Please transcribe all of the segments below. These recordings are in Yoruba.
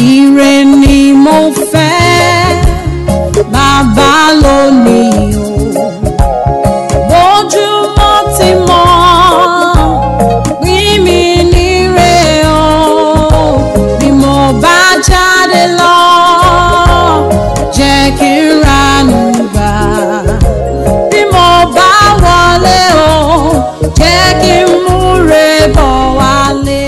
Ire ni mo fẹ́ bàbá lónìí o. Bójúmọ́ ti mọ́ pín mi níre o. Bí mo bá jáde lọ, jẹ́ kí n ranú gbà. Bí mo bá wọlé o, jẹ́ kí n múre bọ̀ wálé.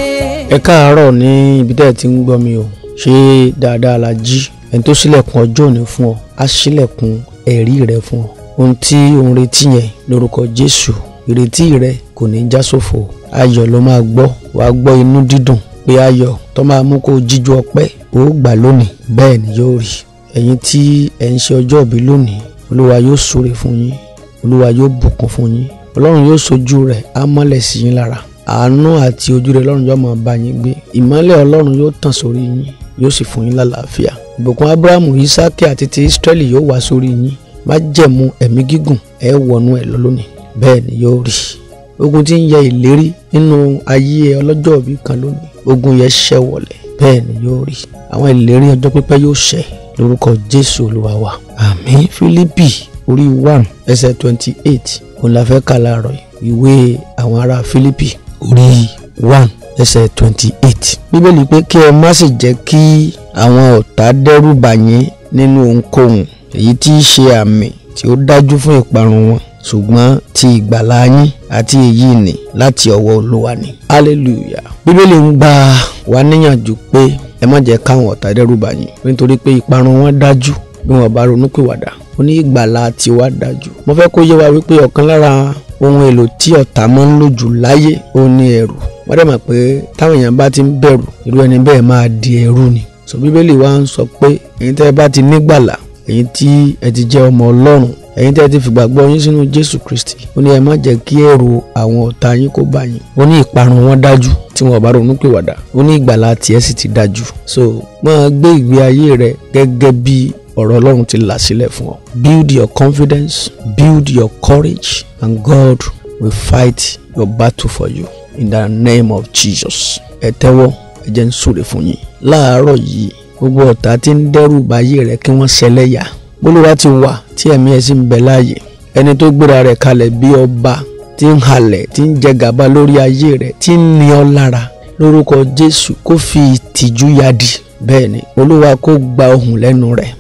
Ẹ káàárọ̀ ní ibi tẹ́ ẹ ti ń gbọ́ mi o ṣé dáadáa la jí ẹni tó ṣílẹ̀kùn ọjọ́ òní fún ọ á ṣílẹ̀kùn ẹ̀rí rẹ fún ọ ohun tí òun retí yẹn lórúkọ Jésù ìrètí rẹ kò ní já sófo ayọ̀ ló máa gbọ́ wàá gbọ́ inú dídùn pé ayọ̀ tó máa mú kó jíjú ọpẹ́ ó gbà lónìí bẹ́ẹ̀ ni yóò rí ẹ̀yin tí ẹ̀ ń ṣe ọjọ́ ìbí lónìí olúwa yóò súre fún yín olúwa yóò bùkún fún yín ọlọ́run yóò sojú rẹ̀ á mọ́lẹ̀ sí yín lára àánú àti ojú rẹ̀ ọlọ́run yóò máa bá yín gbé ìmọ́lẹ̀ ọlọ́run yóò tàn sórí yín yóò sì fún yín lálàáfíà ìbùkún abrahamu isaaki àti ti israeli yóò wá sórí yín májẹ̀mú ẹ̀mí gígùn ẹ wọnú ẹ lọ lónìí bẹ́ẹ̀ ni yóò rí ogun tí ń yẹ ìlérí nínú ayé ọlọ́jọ́ òbí kan lónìí ogun yẹn ṣẹ wọlẹ̀ bẹ́ẹ̀ ni yóò rí àwọn ìlérí ọjọ́ pípẹ́ yóò ṣẹ lórúkọ jésù olúwa wa àmín fílípì orí one ẹsẹ̀ twenty eight òun la fẹ́ kà láàárọ̀ yìí ìwé àwọn ará fílípì orí one ẹsẹ̀ twenty eight bíbélì pé kí ẹ má sì jẹ́ kí àwọn ọ̀tá dẹ́rù bà yín nínú ohunkóhun èyí tí í ṣe àmì tí ó dájú fún ìparun wọn ṣùgbọ́n ti ìgbàlá yín àti èyí ni láti ọwọ́ olúwa ni. hallelujah bíbélì ń gbà wá níyànjú pé ẹ má jẹ́ káwọn ọ̀tá dẹ́rù bà yín nítorí pé ìparun wọn dájú bí wọn bá ronúpìwàdà ó ní ìgbàlá tiwa dájú. mo fẹ́ kó yé wa wípé ọ̀kan lára ohun èlò tí ọ̀tá máa ń lò jù láyé ó ní ẹ̀rù wọ́n dẹ̀ mọ̀ pé táwọn èèyàn bá ti ń bẹ̀rù irú ẹni bẹ́ẹ̀ máa di ẹrú ni sọ bíbélì wa ń sọ pé ẹ̀yin tẹ́ ẹ bá ti nígbàlà ẹ̀yin tí ẹ ti jẹ́ ọmọ ọlọ́run ẹ̀yin tẹ́ ẹ ti fìgbàgbọ́ yín sínú jésù kristi ó ní ẹ má jẹ́ kí ẹ̀rù àwọn ọ̀tá yín kó bá yín ó ní ìparun wọn dájú tí wọn ò bá ronú pìwàdà ó ní ìgbàlà tiẹ̀ sì ti dájú so máa gbé ìgbé ayé rẹ gẹ́gẹ́ bí ọ̀rọ̀ ọlọ́run ti là sílẹ̀ fún ọ build your confidence build your courage and God will fight your battle for you in the name of Jesus ẹ tẹ́wọ́ ẹ jẹ́ ń súre fún yín láàárọ̀ yìí gbogbo ọ̀tá tí ń dẹ́rù báyé rẹ̀ kí wọ́n ṣẹlẹ́yà bólúwa ti wà tí ẹ̀mí ẹ̀ sì ń bẹ láàyè ẹni tó gbéra rẹ̀ kalẹ̀ bí ọba tí ń halẹ̀ tí ń jẹ gàba lórí ayé rẹ̀ tí ń ní ọ lára lórúkọ Jésù kó fi ìtìjú yadi bẹ́ẹ̀ ni olúwa kó gba ohùn lẹ́nu rẹ̀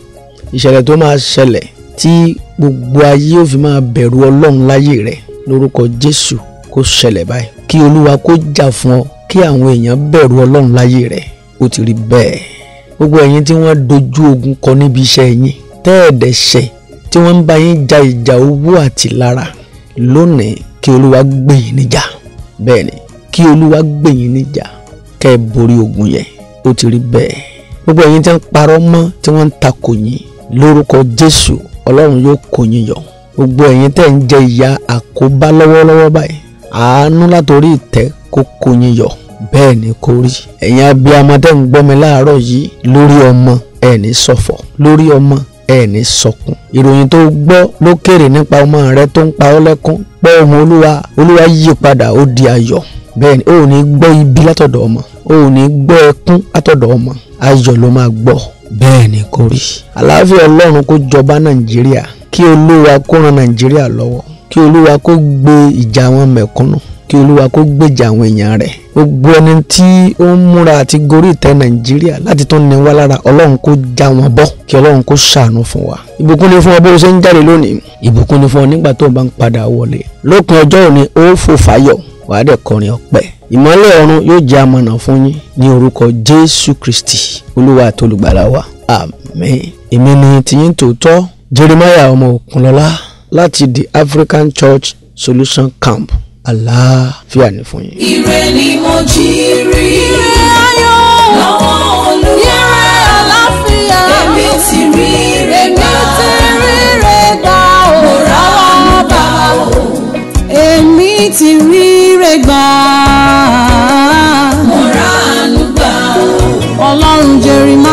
ìṣẹ̀lẹ̀ tó máa ṣẹlẹ̀ tí gbogbo ayé ó fi máa bẹ̀rù ọlọ́run láyé rẹ̀ lórúkọ Jésù kó ṣẹlẹ̀ báyìí kí olúwa kó jà fún ọ kí àwọn èèyàn bẹ̀rù ọlọ́run láyé rẹ ó ti rí bẹ́ẹ̀ gbogbo ẹ̀yin tí wọ́n dojú ogun kọ níbi iṣẹ́ yín tẹ́ẹ̀dẹ̀ ṣẹ̀ tí wọ́n ń bá yín ja ìjà owó àti lára lónìí kí olúwa gbè yín níjà bẹ́ẹ̀ ni kí olúwa gbè yín níjà kẹ́ ẹ borí ogun yẹn ó ti rí bẹ́ẹ̀ gbogbo ẹ̀yin tí wọ́n parọ́ mọ́ tí wọ́n ń takò yín lórúkọ jésù ọlọ́run yóò kó yọ gbogbo ẹ̀yin tẹ́ ń jẹ ìyà àkóbá lọ́wọ́lọ́wọ́ báyìí àánú látòrí ìtẹ́ kó kó yín yọ bẹ́ẹ̀ ni kó rí ẹ̀yin abiyamọ tẹ́ ń gbọ́ mi láàárọ̀ yìí lórí ọmọ ẹ̀ ní ṣọ̀fọ̀ lórí ọmọ ẹ̀ ní sọkún ìròyìn tó gbọ́ lókèrè nípa ọmọ rẹ tó ń pa ọ́ lẹ́kún pẹ́ ọmọ olúwa olúwa yí padà ó di ayọ̀ bẹ́ẹ̀ ni o ní gbọ́ ibi látọ̀dọ̀ ọmọ o ò ní gbọ́ ẹkún látọ̀dọ̀ ọmọ ayọ̀ ló máa gbọ́ bẹ́ẹ̀ ni kó rí àlàáfíà ọlọ́run kó jọba nàìjíríà kí olúwa kó ran nàìjíríà lọ́wọ́ kí olúwa kó gbé ìjà àwọn mẹ̀kúnnù kí olúwa kó gbèjà àwọn èèyàn rẹ̀ gbogbo ẹni tí ó ń múra àti gorí ìtẹ́ nàìjíríà láti tún ní wá lára ọlọ́run kó já wọn bọ́ kí ọlọ́run kó ṣàánú fún wa ìbùkún ni fún ọ bó ṣe ń jáde lónìí ìbùkún ni fún ọ nígbà tó o bá ń padà wọlé lópin ọjọ́ òní ó fò fáyọ̀ wàá dẹ̀ kọrin ọpẹ́ ìmọ́lẹ̀ ọ̀run yóò jẹ́ amọ̀nà fún yín ní orúkọ jésù kristi olúwa àti olùgbàlà wa àmín èmi ni jeremiah ọmọ òkunlọ́lá láti the African Church Solution Camp àlàáfíà ní fún yín. ire ni mo jí rí ire ayọ̀ lọ́wọ́ olúwa ire àlàáfíà èmi ti rí rẹ̀ gbà èmi ti rí rẹ̀ gbà ó rà wá bá o èmi ti rí rẹ̀ gbà mo rà